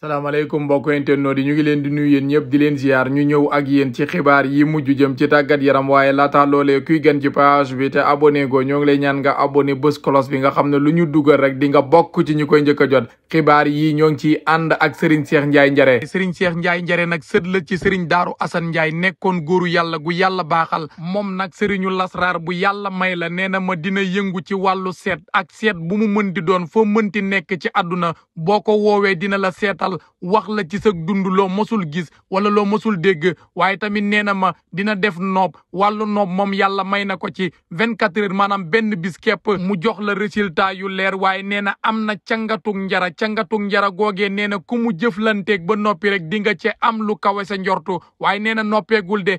salaamaaleykum mbokk internautes yi ñu ngi leen di nuyu yéen ñëpp di leen ziar ñu ñëw ak yéen ci xibaar yi mujj jëm ci tàggat yaram waaye laata loolee kuy gën ci page bi te abone go ñoo ngi lay ñaan nga abonné bés cloche bi nga xam ne lu ñu dugal rek di nga bokk ci ñu koy njëkk a jot xibaar yi ñoo ngi ciy ànd ak Serigne Cheikh Ndiaye Njare serign Cheikh Ndiaye Njare nag sët la ci Serigne Daaru Assane Ndiaye nekkoon góoru yàlla gu yàlla baaxal moom nag Serigne Lasraar bu yàlla may la nee na ma dina yëngu ci wàllu seet ak seet bu mu mën di doon foo mënti nekk ci àdduna boo ko woowee dina la seetal Sall wax la ci sa dund loo mosul gis wala loo mosul dégg waaye tamit nee na ma dina def noob wàllu noob moom yàlla may na ko ci vingt quatre heures maanaam benn bis képp mu jox la résultat yu leer waaye nee na am na cangatug njara cangatug njara googee nee na ku mu jëflanteeg ba noppi rek di nga ci am lu kawe sa njortu waaye nee na noppeegul de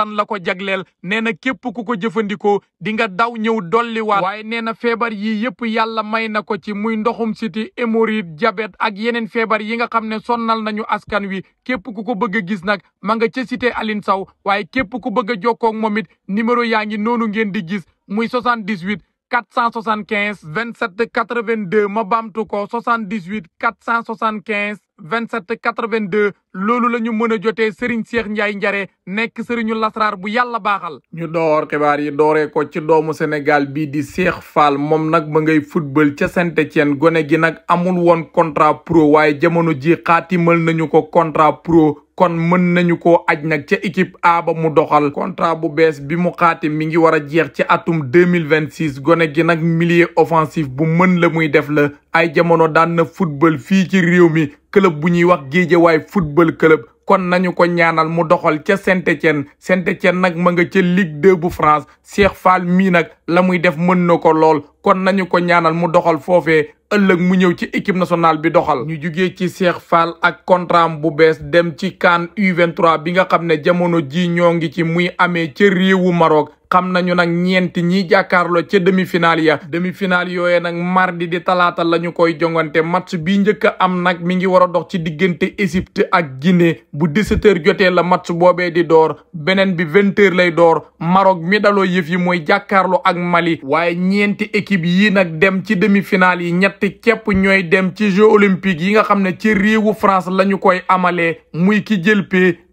kattan la ko jagleel nee na képp ku ko jëfandikoo di nga daw ñëw dolliwaat waaye nee na feebar yi yëpp yàlla may na ko ci muy ndoxum siti hémorroïde jabet ak yeneen feebar yi nga xam ne sonnal nañu askan wi képp ku ko bëgg a gis nag ma nga ca cité Aline Sow waaye képp ku bëgg a jokkoo moom it numéro yaa ngi noonu ngeen di gis muy 78 475 27 82 ma baamtu ko 78 475 27 82 loolu la ñu mën a jotee Serigne Cheikh Ndiaye Njare nekk Serigne lasraar bu yàlla baaxal. ñu door xibaar yi dooree ko ci doomu Sénégal bii di Cheikh Fall moom nag ma ngay football ca Saint-Étienne gone gi nag amul woon contrat pro waaye jamono ji xaatimal nañu ko contrat pro. kon mën nañu ko aj nag ca équipe aaba mu doxal contrat bu bees bi mu xaatim mi ngi war a jeex ci atum mille vingt 2026 gone gi nag milieu offensif bu mën la muy def la ay jamono daan na football fii ci réew mi club bu ñuy wax Guédiawaye football club kon nañu ko ñaanal mu doxal ca Saint-Étienne Saint-Étienne nag ma nga ca Ligue 2 bu France Cheikh fal mii nag la muy def mën ko lool kon nañu ko ñaanal mu doxal foofee ëllëg mu ñëw ci équipe nationale bi doxal ñu jugee ci Cheikh fal ak contrat bu bees dem ci CAN U23 bi nga xam ne jamono ji ñoo ngi ci muy amee ca réewu Maroc xam nañu nag ñeenti ñiy jàkkaarloo ca demi final ya demi-finale yooyee nag mardi di talaata la ñu koy jongante match bi njëkk a am nag mi ngi war a dox ci diggante Égypte ak Guinée bu 17h jotee la match boobee di door beneen bi 20 lay door Maroc midalo daloo yëf yi mooy jàkkaarloo ak Mali waaye ñeenti équipe yii nag dem ci demi-finale yi ñetti képp ñooy dem ci Jeux olympiques yi nga xam ne ci réewu France la ñu koy amalee muy ki jël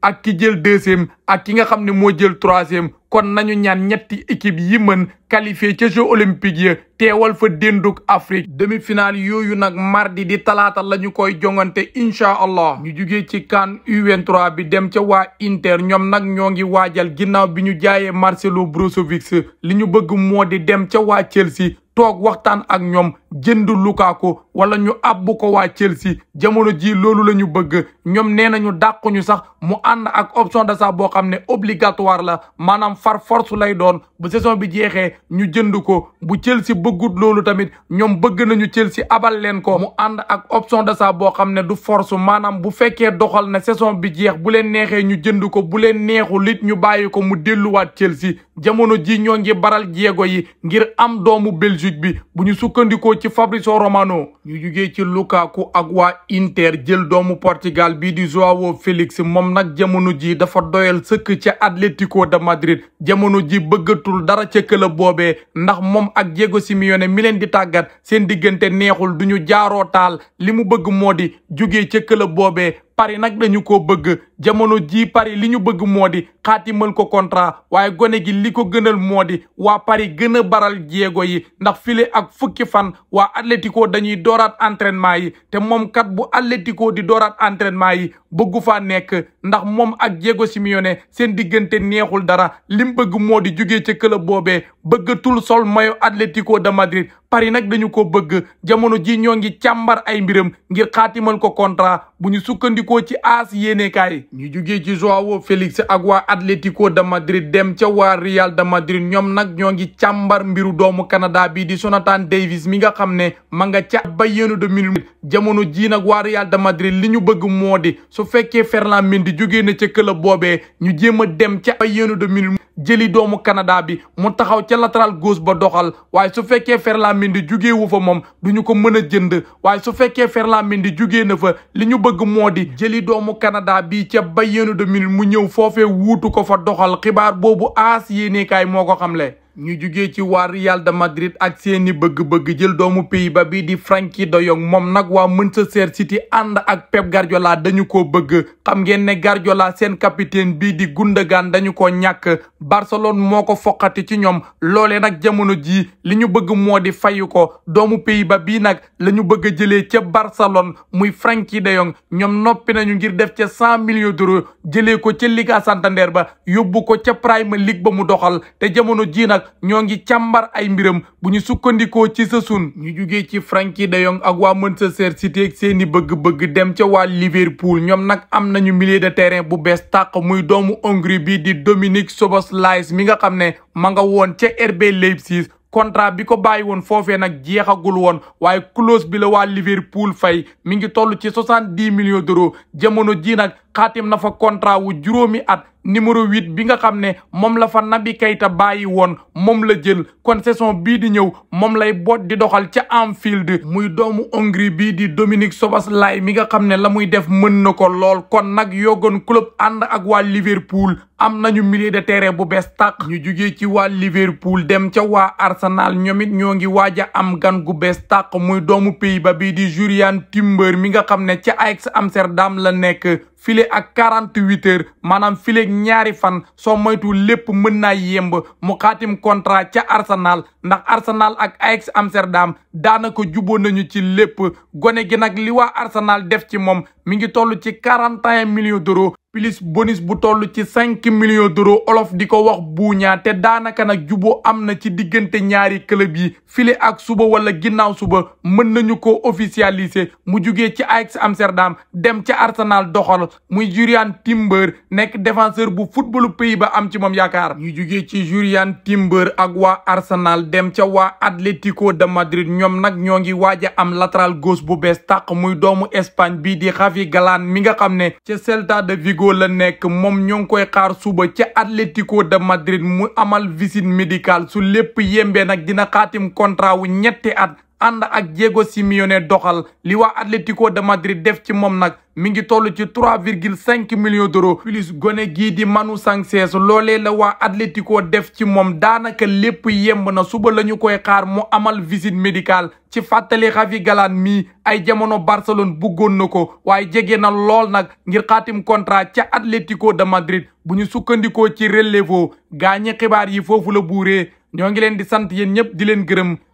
ak ki jël deuxième ak ki nga xam ne moo jël troisième kon nañu ñaan ñetti équipe yi mën qualifié ca jeux olympiques ya teewal fa dénduk Afrique demi-finale yooyu nag mardi di talaata la ñu koy jongante incha allah ñu jugee ci CAN U23 bi dem ca waa Inter ñoom nag ñoo ngi waajal ginnaaw bi ñu jaayee Marcelo Brozovic li ñu bëgg moo di dem ca waa Chelsea toog waxtaan ak ñoom jënd Lukaku wala ñu abbu ko waa Chelsea jamono ji loolu la ñu bëgg ñoom nee nañu dàquñu sax mu ànd ak option d'achat boo xam ne obligatoire la maanaam far force lay doon bu saison bi jeexee ñu jënd ko bu Chelsea bëggut loolu tamit ñoom bëgg nañu Chelsea abal leen ko mu ànd ak option d'achat boo xam ne du force maanaam bu fekkee doxal na saison bi jeex bu leen neexee ñu jënd ko bu leen neexul it ñu bàyyi ko mu delluwaat Chelsea jamono ji ñoo ngi baral jéego yi ngir am doomu bi ci Fabrizio Romano ñu jugee ci Lukaku ak waa Inter jël doomu Portugal bii di Joao Félix moom nag jamono ji dafa doyal sëkk ca Atlético de Madrid jamono ji bëggatul dara ca këlëb boobee ndax moom ak Diego Simeone mi leen di tàggat seen diggante neexul duñu jaaroo taal li mu bëgg moo di jugee ca këlëb boobee Paris nag dañu ko bëgg jamono ji Paris li ñu bëgg moo di xaatimal ko contrat waaye gone gi li ko gënal moo di waa Paris gën a baral jéego yi ndax file ak fukki fan waa Atlético dañuy dooraat entraînement yi te moom kat bu Atlético di dooraat entraînement yi bëggu fa nekk ndax moom ak Diego Simeone seen diggante neexul dara lim bëgg moo di jugee ca club boobee bëggatul sol mayo Atlético de Madrid Paris nag dañu ko bëgg jamono ji ñoo ngi càmbar ay mbiram ngir xaatimal ko contrat bu ñu sukkandikoo ci aas yéenekaay ñu jugee ci Joao Félix ak waa Atlético de Madrid dem ca waa Real de Madrid ñoom nag ñoo ngi càmbar mbiru doomu Canada bi di Jonathan Davis mi nga xam ne ma nga ca Bayern de Munich jamono ji nag waa Real de Madrid li ñu bëgg moo di su fekkee Ferland Mendy jugee na ca club boobee ñu jéem a dem ca Bayern de Munich jëli doomu Canada bi mu taxaw ca latéral gos ba doxal waaye su fekkee Ferland-Mendy jugee fa moom du ñu ko mën a jënd waaye su fekkee Ferland-Mendy jugee na fa li ñu bëgg moo di jëli doomu Canada bi ca Bayern de Munich mu ñëw foofe wuutu ko fa doxal xibaar boobu AS yéenekaay moo ko xamle ñu jugee ci waa Real de Madrid ak seeni bëgg-bëgg jël doomu Pays-Bas bi di Frenkie de Jong moom nag waa Manchester City ànd ak Pep Guardiola dañu ko bëgg xam ngeen ne Guardiola seen capitaine bii di Gundogan dañu ko ñàkk Barcelone moo ko foqati ci ñoom loole nag jamono jii li ñu bëgg moo di fayu ko doomu pays ba bii nag la ñu bëgg a jëlee ca Barcelone muy Frenkie de Jong ñoom noppi nañu ngir def ca cent millions d'euros jëlee ko ca Liga Santander ba yóbbu ko ca Premier League ba mu doxal jamono jii nag ñoo ngi càmbar ay mbiram bu ñu sukkandikoo ci sa sun ñu jugee ci Frenkie de Jong ak waa Manchester City ak seeni bëgg-bëgg dem ca waa Liverpool ñoom nag am nañu milieu de terrain bu bees tàq muy doomu Hongrie bi di Dominic Szoboszlai mi nga xam ne ma nga woon ca RB Leipzig contrat bi ko bàyyi woon foofee nag jeexagul woon waaye clause bi la waa Liverpool fay mi ngi toll ci soixante-dix millions d'euros jamono ji nag xaatim na fa contrat wu juróomi at numéro huit bi nga xam ne moom la fa Naby Keita bàyyi woon moom la jël kon saison bii di ñëw moom lay boot di doxal ca Anfield muy doomu Hongrie bii di Dominic Szoboszlai mi nga xam ne la muy def mën na ko lool kon nag yogoon club ànd ak waa Liverpool am nañu milieu de terrain bu bees tàq ñu jugee ci waa Liverpool dem ca waa Arsenal ñoom it ñoo ngi waaj am gan gu bees tàq muy doomu pays ba bii di Jurriën Timber mi nga xam ne ca Ajax Amsterdam la nekk file ak quarante huit heures maanaam file ak ñaari fan soo moytu lépp mën naa yemb mu xaatim ca Arsenal ndax Arsenal ak Ajax Amsterdam daanaka juboo nañu ci lépp gone gi nag li waa Arsenal def ci moom mi ngi toll ci quarante et un millions d'euros plus bonis bu toll ci cinq millions d'euros olof di ko wax buuñaa te daanaka nag juboo am na ci diggante ñaari club yi file ak suba wala ginnaaw suba mën nañu ko officialiser mu jugee ci Ajax Amsterdam dem ci Arsenal doxal muy Jurian Timber nekk défenseur bu footballu pays ba am ci moom yaakaar ñu jugee ci Jurian Timber ak waa Arsenal dem ca waa Atlético de Madrid ñoom nag ñoo ngi waaj a am latéral gos bu bees tàq muy doomu Espagne bii Naby Galan mi nga xam ne ca Celta de Vigo la nekk moom ñoo ngi koy xaar suba ca Atlético de Madrid mu amal visite médicale su lépp yembee nag dina xaatim contrat wu ñetti at ànd ak Diego Simeone doxal li waa Atlético de Madrid def ci moom nag mi ngi toll ci trois virgule cinq millions d'euros plus gone gii di Manu Sanchez loolee la waa Atlético def ci moom daanaka lépp yemb na suba la ñu koy xaar mu amal visite médical ci fàttali Javi Galán mi ay jamono Barcelone buggoon na ko waaye jege na lool nag ngir kaatim contrat ca Atlético de Madrid bu ñu sukkandikoo ci Relevo gaañi xibaar yi foofu la buuree ñoo ngi leen di sant yéen ñëpp di leen gërëm